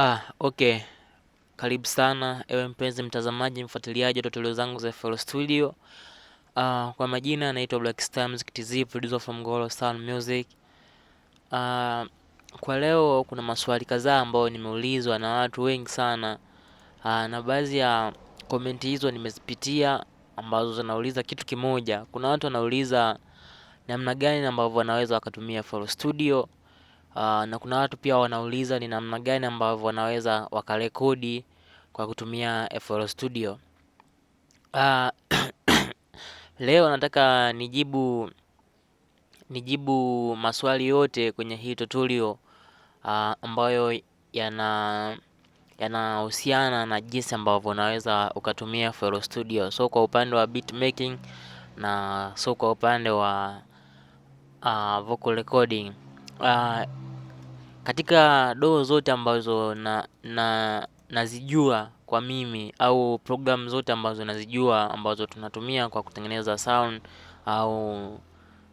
Ah, okay. Karibu sana ewe mpenzi mtazamaji, mfuatiliaji wa tutorial zangu za FL Studio. Ah, kwa majina anaitwa Black Star Music TZ, producer from Golo Sound Music. Ah, kwa leo kuna maswali kadhaa ambayo nimeulizwa na watu wengi sana. Ah, na baadhi ya komenti hizo nimezipitia ambazo zinauliza kitu kimoja. Kuna watu wanauliza namna gani ambavyo wanaweza wakatumia FL Studio Ah, na kuna watu pia wanauliza ni namna gani ambavyo wanaweza wakarekodi kwa kutumia FL Studio. Uh, leo nataka nijibu nijibu maswali yote kwenye hii tutorial uh, ambayo yana yanahusiana na jinsi ambavyo unaweza ukatumia FL Studio, so kwa upande wa beat making na so kwa upande wa uh, vocal recording uh, katika doo zote ambazo na nazijua kwa mimi au program zote ambazo nazijua ambazo tunatumia kwa kutengeneza sound au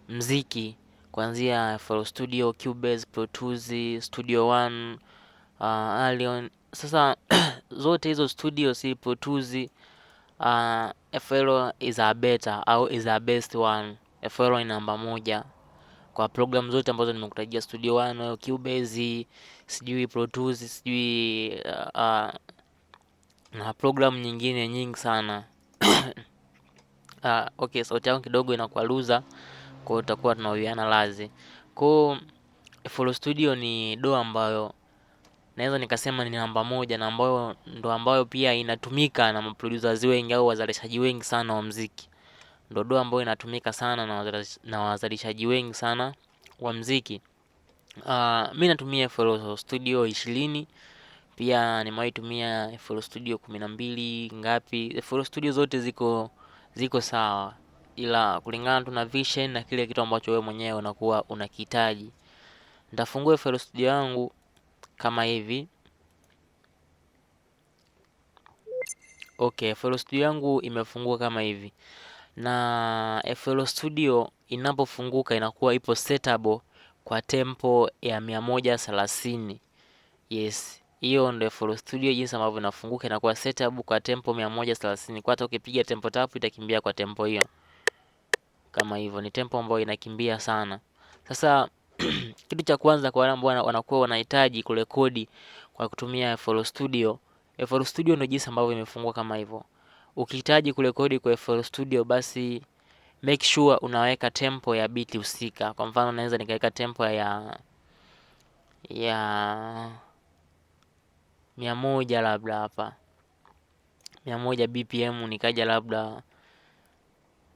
mziki kuanzia FL Studio, Cubase, Pro Tools, Studio One, uh, Alion. Sasa zote hizo studio si Pro Tools, uh, FL is a better au is a best one. FL ni namba moja kwa program zote ambazo nimekutajia, Studio One, Cubase, sijui Pro Tools, sijui uh, uh na program nyingine nyingi sana uh, okay, sauti yangu kidogo inakuwa loser, kwa hiyo tutakuwa tunaoiana lazi. Kwa hiyo Follow Studio ni do ambayo naweza nikasema ni namba moja na ambayo ndo ambayo pia inatumika na maproducers wengi au wazalishaji wengi sana wa muziki. Ndo dua ambayo inatumika sana na wazalishaji wengi sana wa mziki. Uh, mi natumia FL Studio ishirini pia nimewahi tumia FL Studio kumi na mbili ngapi. FL Studio zote ziko ziko sawa, ila kulingana tu na vision na kile kitu ambacho wewe mwenyewe unakuwa unakihitaji. Nitafungua FL Studio yangu kama hivi. Okay, FL Studio yangu imefungua kama hivi na FL Studio inapofunguka inakuwa ipo setable kwa tempo ya 130. Yes, hiyo ndio FL Studio jinsi ambavyo inafunguka inakuwa setable kwa tempo 130. Kwa hata ukipiga tempo tap itakimbia kwa tempo hiyo. Kama hivyo ni tempo ambayo inakimbia sana. Sasa kitu cha kwanza kwa wale ambao wanakuwa wanahitaji kurekodi kwa kutumia FL Studio, FL Studio ndio jinsi ambavyo imefungua kama hivyo ukihitaji kurekodi kwa FL Studio basi make sure unaweka tempo ya biti husika. Kwa mfano naweza nikaweka tempo ya ya mia moja labda hapa mia moja BPM, nikaja labda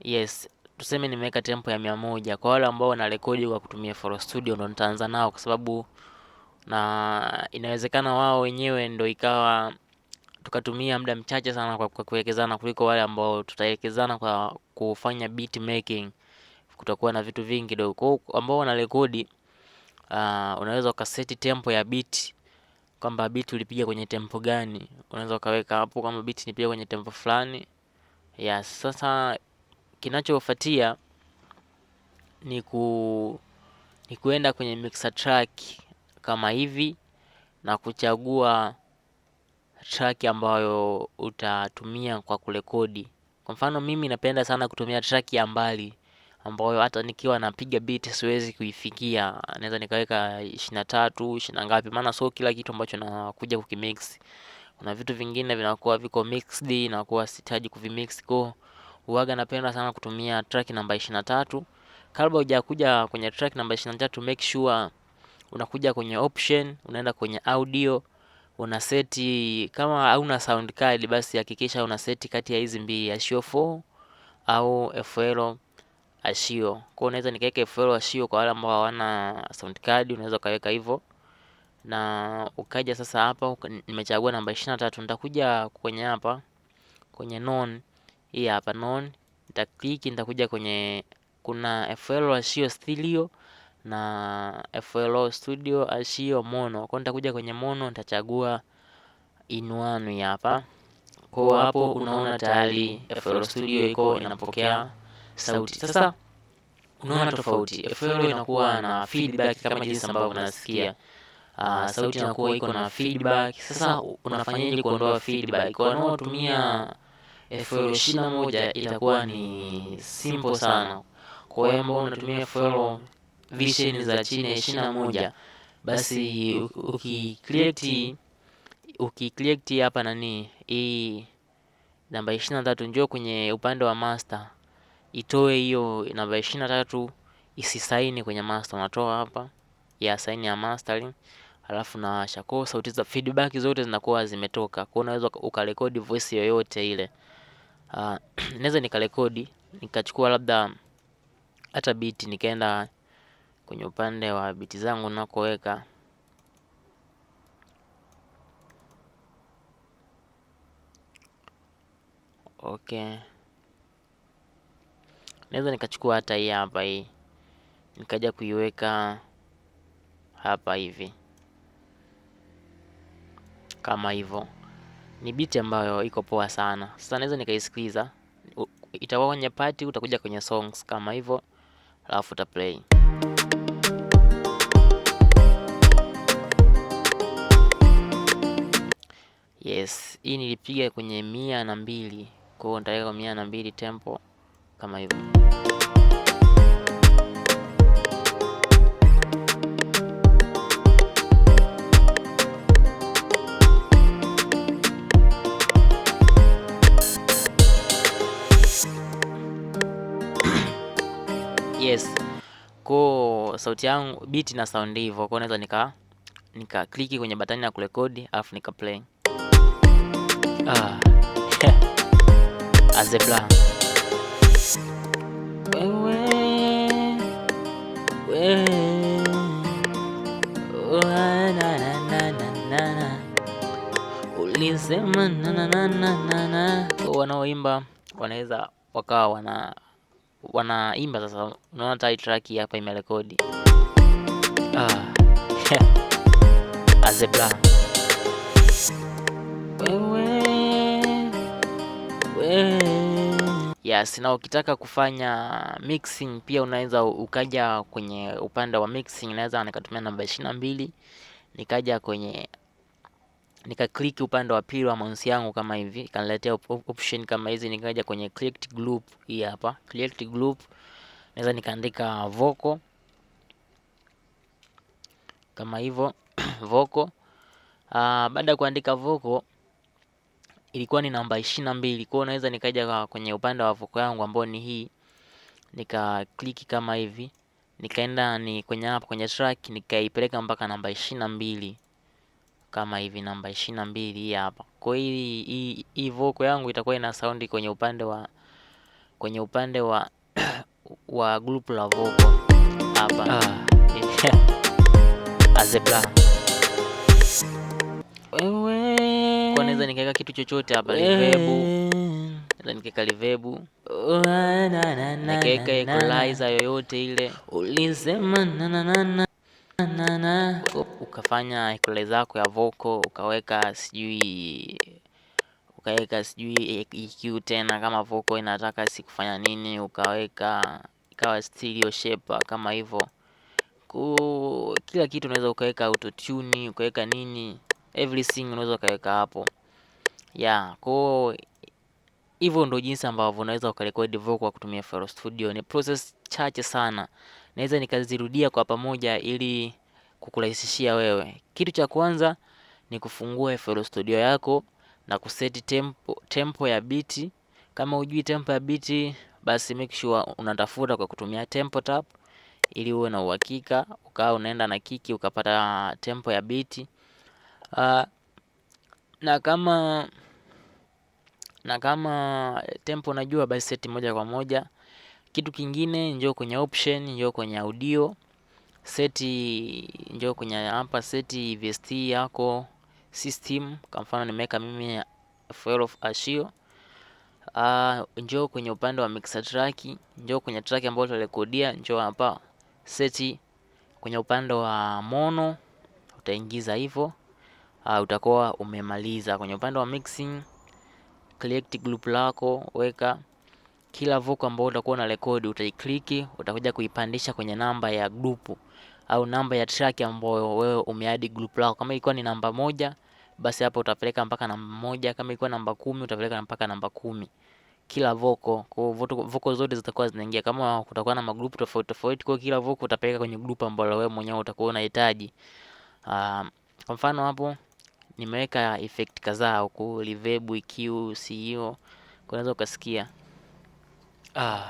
yes, tuseme nimeweka tempo ya mia moja. Kwa wale ambao wanarekodi kwa kutumia FL Studio ndo nitaanza nao, kwa sababu na inawezekana wao wenyewe ndo ikawa tukatumia muda mchache sana kwa, kwa kuwekezana kuliko wale ambao tutawekezana kwa kufanya beat making. Kutakuwa na vitu vingi kidogo. Kwa ambao wana rekodi uh, unaweza ukaseti tempo ya beat kwamba beat ulipiga kwenye tempo gani, unaweza ukaweka hapo kama beat nipiga kwenye tempo fulani ya yes. Sasa kinachofuatia ni ku ni kuenda kwenye mixer track kama hivi na kuchagua track ambayo utatumia kwa kurekodi. Kwa mfano mimi napenda sana kutumia track ya mbali ambayo hata nikiwa napiga beat siwezi kuifikia. naweza nikaweka ishirini na tatu, ishirini na ngapi maana sio kila kitu ambacho nakuja kukimix. Kuna vitu vingine vinakuwa viko mixed nakuwa sitaji kuvimix kwa uwaga napenda sana kutumia track namba ishirini na tatu. Kabla hujakuja kwenye track namba ishirini na tatu make sure unakuja kwenye option, unaenda kwenye audio una seti kama hauna sound card, basi hakikisha una seti kati ya hizi mbili ashio 4 au FL ashio. Kwa hiyo unaweza nikaweka FL ashio kwa wale ambao hawana sound card, unaweza ukaweka hivyo na ukaja sasa hapa, nimechagua namba 23. Nitakuja kwenye hapa kwenye non, hii hapa non, nitaklik, nitakuja kwenye kuna FL ashio stereo na FLO studio asio mono. Kwa nitakuja kwenye mono, nitachagua inuani hapa. Kwa hapo unaona tayari FL Studio iko inapokea sauti. Sasa unaona tofauti, FL inakuwa na feedback kama jinsi ambavyo unasikia. Uh, sauti inakuwa iko na feedback. Sasa unafanyaje kuondoa feedback? Kwa wanaotumia FL ishirini na moja itakuwa ni simple sana. Kwa hiyo ambao unatumia FL vision za chini ya ishirini na moja basi ukicreate ukicreate hapa nani hii namba ishirini na tatu njoo kwenye upande wa master, itoe hiyo namba ishirini na tatu isisaini kwenye master. Unatoa hapa ya saini ya master, alafu nawasha kwa sauti za feedback zote zinakuwa zimetoka. Kwa unaweza ukarekodi voice yoyote ile. Uh, naweza nikarekodi nikachukua labda hata beat nikaenda kwenye upande wa biti zangu nakoweka okay. Naweza nikachukua hata hii hapa hii nikaja kuiweka hapa hivi kama hivyo. Ni biti ambayo iko poa sana. Sasa naweza nikaisikiliza, itakuwa kwenye party, utakuja kwenye songs kama hivyo, alafu uta play. Yes, hii nilipiga kwenye mia na mbili, kwa hiyo nitaweka mia na mbili tempo kama hivyo. Yes, ko sauti yangu beat na sound hivyo, kwa naweza nika nika kliki kwenye batani ya kurekodi afu nika play. Azebla ah. wewe, wewe, oh, na, na, na, na, na, na. Wanaoimba wanaweza wakawa wana wanaimba sasa, unaona tai track hapa imerekodi ah. Azebla wewe Yes, na ukitaka kufanya mixing pia unaweza ukaja kwenye upande wa mixing, naweza nikatumia namba ishirini na mbili nikaja kwenye nikakliki upande wa pili wa mouse yangu kama hivi, ikaniletea op option kama hizi, nikaja kwenye create group. Hii hapa create group, naweza nikaandika vocal kama hivyo vocal. Uh, baada ya kuandika vocal ilikuwa ni namba 22. mbili kwao, naweza nikaja kwenye upande wa voko yangu ambao ni hii, nika click kama hivi, nikaenda ni kwenye hapa kwenye track, nikaipeleka mpaka namba 22. mbili kama hivi, namba 22 na mbili hii hapa. Kwa hii hii, hii voko yangu itakuwa ina saundi kwenye upande wa kwenye upande wa wa group la voko hapa ah. Azebra naweza mm. nikaweka kitu chochote hapa, livebu naweza nikaweka livebu, nikaweka equalizer yoyote ile. Ulisema nananana ukafanya equalizer yako ya voko, ukaweka sijui ukaweka sijui EQ tena, kama voko inataka si kufanya nini, ukaweka ikawa stereo shape kama hivyo ku kila kitu unaweza ukaweka autotune, ukaweka nini, everything unaweza ukaweka hapo. Yeah, kwa hivyo ndo jinsi ambavyo unaweza ukarekodi vocal kwa kutumia FL Studio. Ni process chache sana, naweza nikazirudia kwa pamoja ili kukurahisishia wewe. Kitu cha kwanza ni kufungua FL Studio yako na kuseti tempo, tempo ya biti. Kama hujui tempo ya biti, basi make sure unatafuta kwa kutumia tempo tap ili uwe na uhakika, ukawa unaenda na kiki ukapata tempo ya biti uh, ah, na kama na kama tempo najua basi seti moja kwa moja. Kitu kingine njoo kwenye option, njoo kwenye audio seti, njoo kwenye hapa seti VST yako system. Kwa mfano nimeweka mimi FL of Ashio. Uh, njoo kwenye upande wa mixer track, njoo kwenye track ambayo tutarekodia, njoo hapa seti kwenye upande wa mono utaingiza hivyo uh, utakuwa umemaliza. Kwenye upande wa mixing, create group lako, weka kila vocal ambayo utakuwa na record, utaikliki, utakuja kuipandisha kwenye namba ya group au namba ya track ambayo wewe umeadi group lako. Kama ilikuwa ni namba moja, basi hapo utapeleka mpaka namba moja. Kama ilikuwa namba kumi, utapeleka mpaka namba kumi kila voko. Kwa voko zote zitakuwa zinaingia, kama kutakuwa na magrupu tofauti tofauti, kwa kila voko utapeleka kwenye grupu ambalo wewe mwenyewe utakuwa unahitaji. Uh, ah, kwa mfano hapo Nimeweka effect kadhaa huku, reverb, EQ, CEO, unaweza ukasikia ah.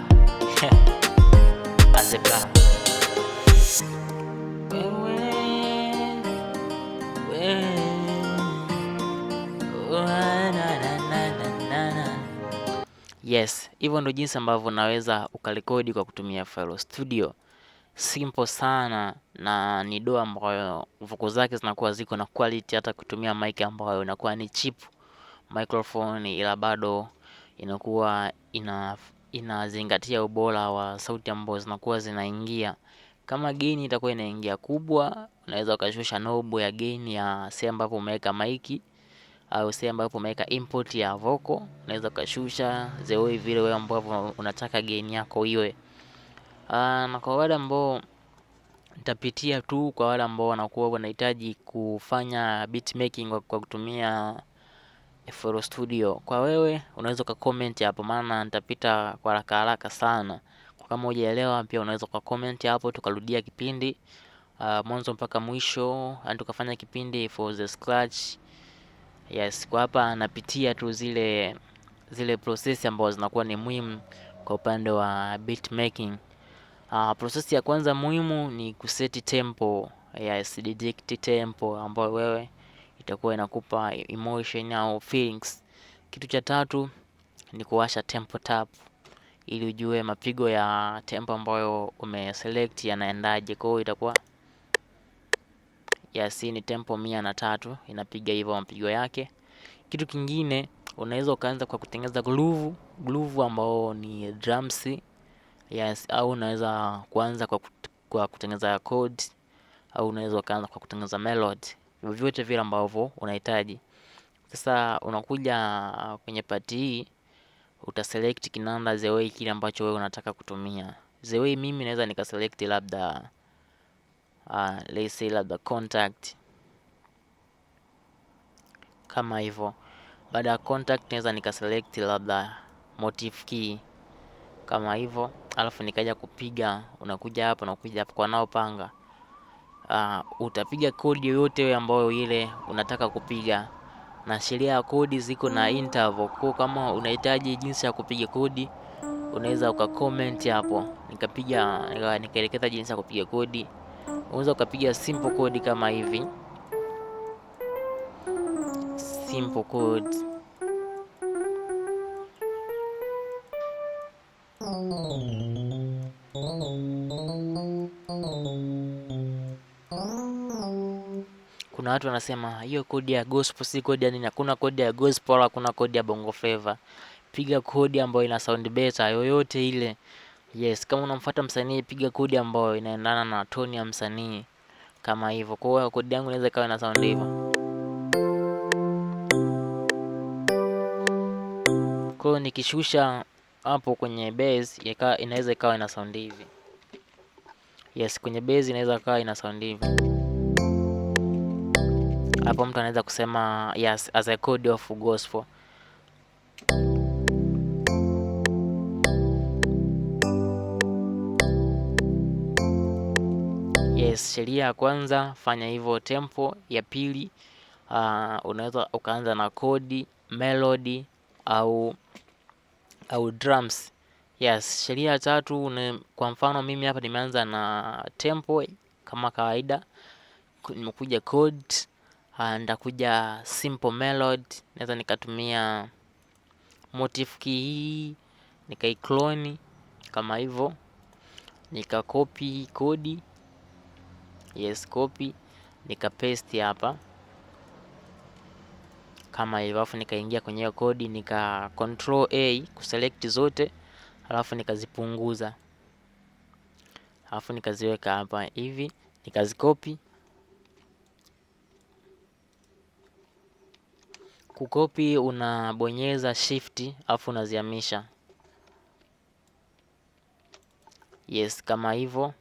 yes, hivyo ndo jinsi ambavyo unaweza ukarekodi kwa kutumia FL Studio simple sana na ni doa ambayo vuko zake zinakuwa ziko na quality, hata kutumia mic ambayo inakuwa ni cheap microphone, ila bado inakuwa ina inazingatia ubora wa sauti ambazo zinakuwa zinaingia. Kama gain itakuwa inaingia kubwa, unaweza ukashusha knob ya gain ya sehemu ambapo umeweka mic au sehemu ambapo umeweka input ya vocal, unaweza ukashusha the way vile wewe ambavyo unataka gain yako iwe. Ah, na kwa wale ambao nitapitia tu kwa wale ambao wanakuwa wanahitaji kufanya beat making kwa kutumia FL Studio. Kwa wewe unaweza ka comment hapo, maana nitapita kwa haraka haraka sana. Kwa kama hujaelewa pia unaweza ka comment hapo, tukarudia kipindi uh, mwanzo mpaka mwisho, na yaani tukafanya kipindi for the scratch. Yes, kwa hapa napitia tu zile zile process ambazo zinakuwa ni muhimu kwa upande wa beat making. Uh, prosesi ya kwanza muhimu ni kuseti tempo ya selected tempo ambayo wewe itakuwa inakupa emotion au feelings. Kitu cha tatu ni kuwasha tempo tap ili ujue mapigo ya tempo ambayo umeselect yanaendaje. Kwa hiyo itakuwa yes, ni tempo mia na tatu inapiga hivyo mapigo yake. Kitu kingine unaweza ukaanza kwa kutengeneza groove, groove ambao ni drums Yes, au unaweza kuanza kwa, kut kwa kutengeneza code au unaweza ukaanza kwa kutengeneza melody, vyovyote vile ambavyo unahitaji. Sasa unakuja kwenye part hii utaselect kinanda the way kile ambacho wewe unataka kutumia. The way mimi naweza nikaselect labda uh, let's say labda contact kama hivyo. Baada ya contact naweza nikaselect labda motif key kama hivyo, alafu nikaja kupiga, unakuja hapa, unakuja hapa kwa nao panga. Uh, utapiga kodi yoyote ambayo ile unataka kupiga, na sheria ya kodi ziko na interval, kwa kama unahitaji jinsi ya kupiga kodi unaweza comment hapo, nikapiga nikaelekeza jinsi ya kupiga kodi. Unaweza ukapiga simple code kama hivi, simple code watu wanasema hiyo kodi ya gospel si kodi ya nini. Hakuna kodi ya gospel wala hakuna kodi ya bongo flava. Piga kodi ambayo ina sound better yoyote ile. Yes, kama unamfuata msanii piga kodi ambayo inaendana na toni ya msanii kama hivyo. Kwa hiyo kodi yangu inaweza ikawa na sound hivyo. Kwa hiyo nikishusha hapo kwenye bass inaweza ikawa ina sound hivi. Yes, kwenye bass inaweza ikawa ina sound hivi. Hapo mtu anaweza kusema yes, as a code of gospel. Yes, sheria ya kwanza fanya hivyo tempo. Ya pili, uh, unaweza ukaanza na kodi, melody au au drums. Yes, sheria ya tatu ne, kwa mfano mimi hapa nimeanza na tempo kama kawaida, nimekuja code Ah, ndakuja simple melody, naweza nikatumia motif key hii nikaikloni kama hivyo, nikakopi kodi, yes copy, nikapaste hapa kama hivyo, alafu nikaingia kwenye hiyo kodi nika control a kuselect zote, alafu nikazipunguza, alafu nikaziweka hapa hivi, nikazikopi Kukopi unabonyeza shift afu unaziamisha Yes, kama hivyo.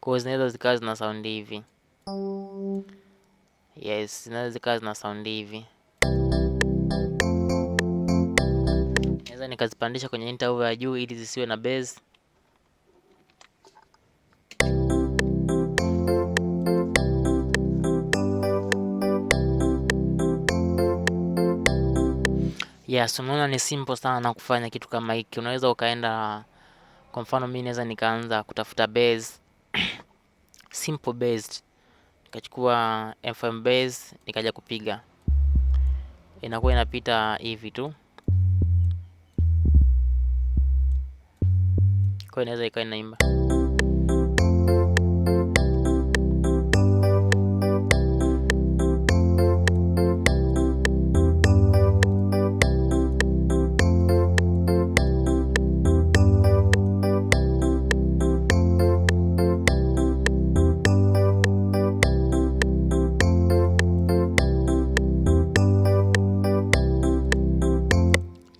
Kwa hiyo zinaweza zikawa zina sound hivi. Yes, zinaweza zikawa zina sound hivi. Naweza nikazipandisha kwenye interval ya juu ili zisiwe na bass. Yes, umeona ni simple sana kufanya kitu kama hiki. Unaweza ukaenda, kwa mfano mimi naweza nikaanza kutafuta base simple based, nikachukua FM base nikaja kupiga, inakuwa inapita hivi tu, kwa inaweza ikawa inaimba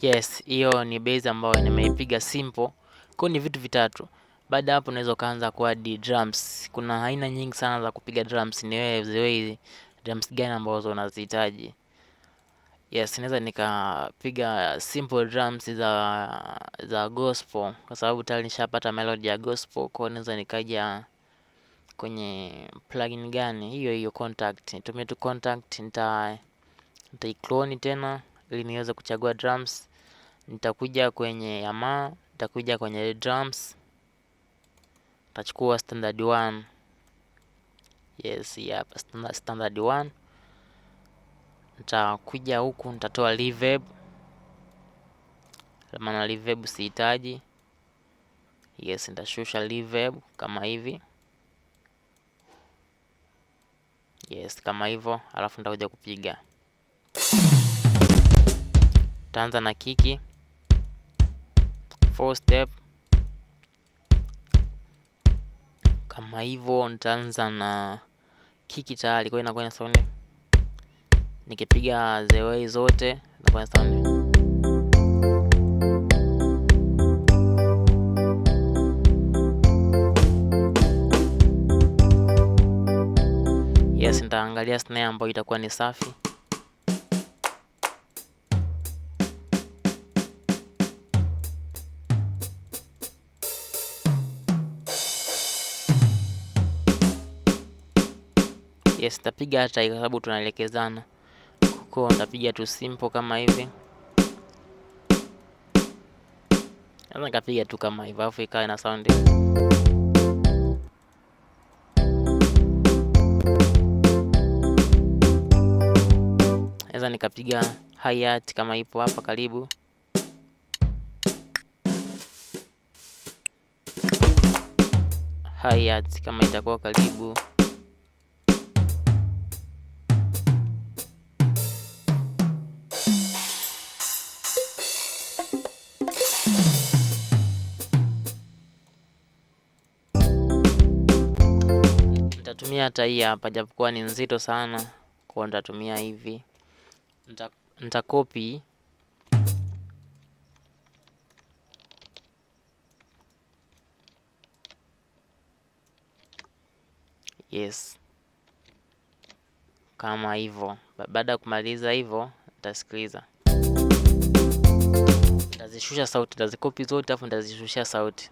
Yes, hiyo ni base ambayo nimeipiga simple. Kwa ni vitu vitatu. Baada hapo unaweza kwa di drums. Kuna aina nyingi sana za kupiga drums, ni wewe the way drums gani ambazo unazihitaji. Yes, naweza nikapiga simple drums za za gospel kwa sababu tayari nishapata melody ya gospel, kwa naweza nikaja kwenye plugin gani hiyo hiyo contact. Nitumie tu contact nita nitaikloni tena ili niweze kuchagua drums nitakuja kwenye yamaa, nitakuja kwenye drums, nitachukua standard 1. Yes, hapa yeah, standard 1. Nitakuja huku nitatoa reverb, maana reverb sihitaji. Yes, nitashusha reverb kama hivi. Yes, kama hivyo, alafu nitakuja kupiga. Taanza na kiki. 4 step kama hivyo. Nitaanza na kiki tayari, kwa inakuwa na sound, nikipiga the way zote inakuwa na sound Yes, nitaangalia snare ambayo itakuwa ni safi. Yes, tapiga hata kwa sababu tunaelekezana. Kwa nitapiga tu simple kama hivi. Sasa nikapiga tu kama hivi, alafu ikawa na sound. nikapiga hi-hat kama ipo hapa karibu. Hi-hat kama itakuwa karibu Nitatumia hata hii hapa japokuwa ni nzito sana, kwa nitatumia hivi, nitakopi yes, kama hivyo. Baada ya kumaliza hivyo, nitasikiliza nitazishusha sauti, nitazikopi zote, alafu nitazishusha sauti.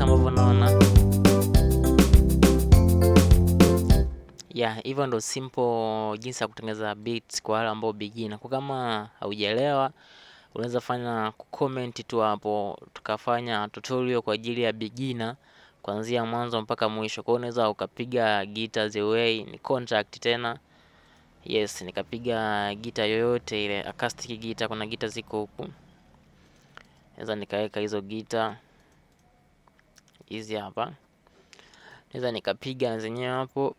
jinsi ambavyo naona yeah, hivyo ndo simple jinsi ya kutengeneza beats kwa wale ambao beginner. Kwa kama haujaelewa, unaweza fanya comment tu hapo, tukafanya tutorial kwa ajili ya beginner kuanzia mwanzo mpaka mwisho. Kwa hiyo unaweza ukapiga gita the way ni contract tena, yes, nikapiga gita yoyote ile acoustic gita, kuna gita ziko huku, naweza nikaweka hizo gita hizi hapa, naweza nikapiga zenyewe hapo.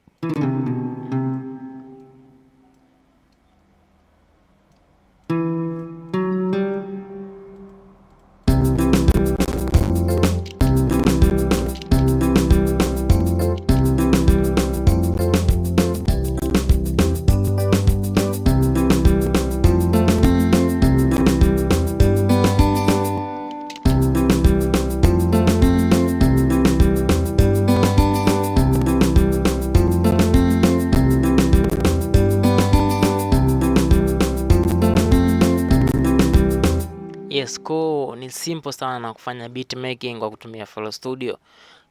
simple sana na kufanya beat making kwa kutumia FL Studio.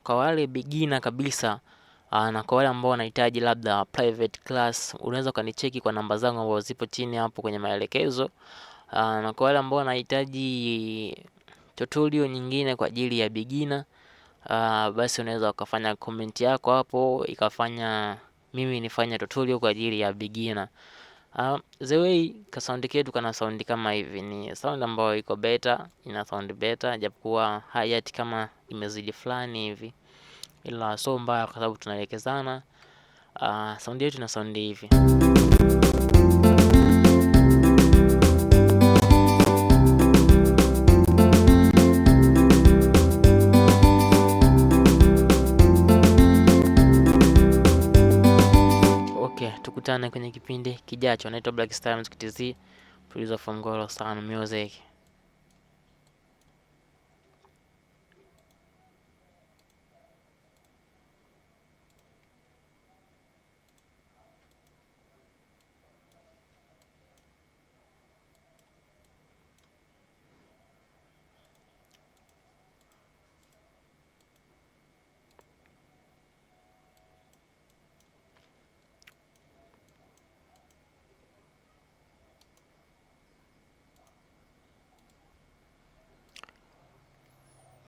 Kwa wale beginner kabisa ah, na kwa wale ambao wanahitaji labda private class, unaweza ukanicheki kwa namba zangu ambazo zipo chini hapo kwenye maelekezo. Ah, na kwa wale ambao wanahitaji tutorial nyingine kwa ajili ya beginner, ah, basi unaweza ukafanya comment yako hapo ikafanya mimi nifanye tutorial kwa ajili ya beginner. Uh, the way ka sound ketu kana sound kama hivi ni sound ambayo iko beta, ina sound beta japokuwa hi-hat kama imezidi fulani hivi, ila so mbaya kwa sababu tunaelekezana. Uh, sound yetu ina sound hivi tukutane kwenye kipindi kijacho. Naitwa Black Star Mzee TZ, producer from Golo Sound Music.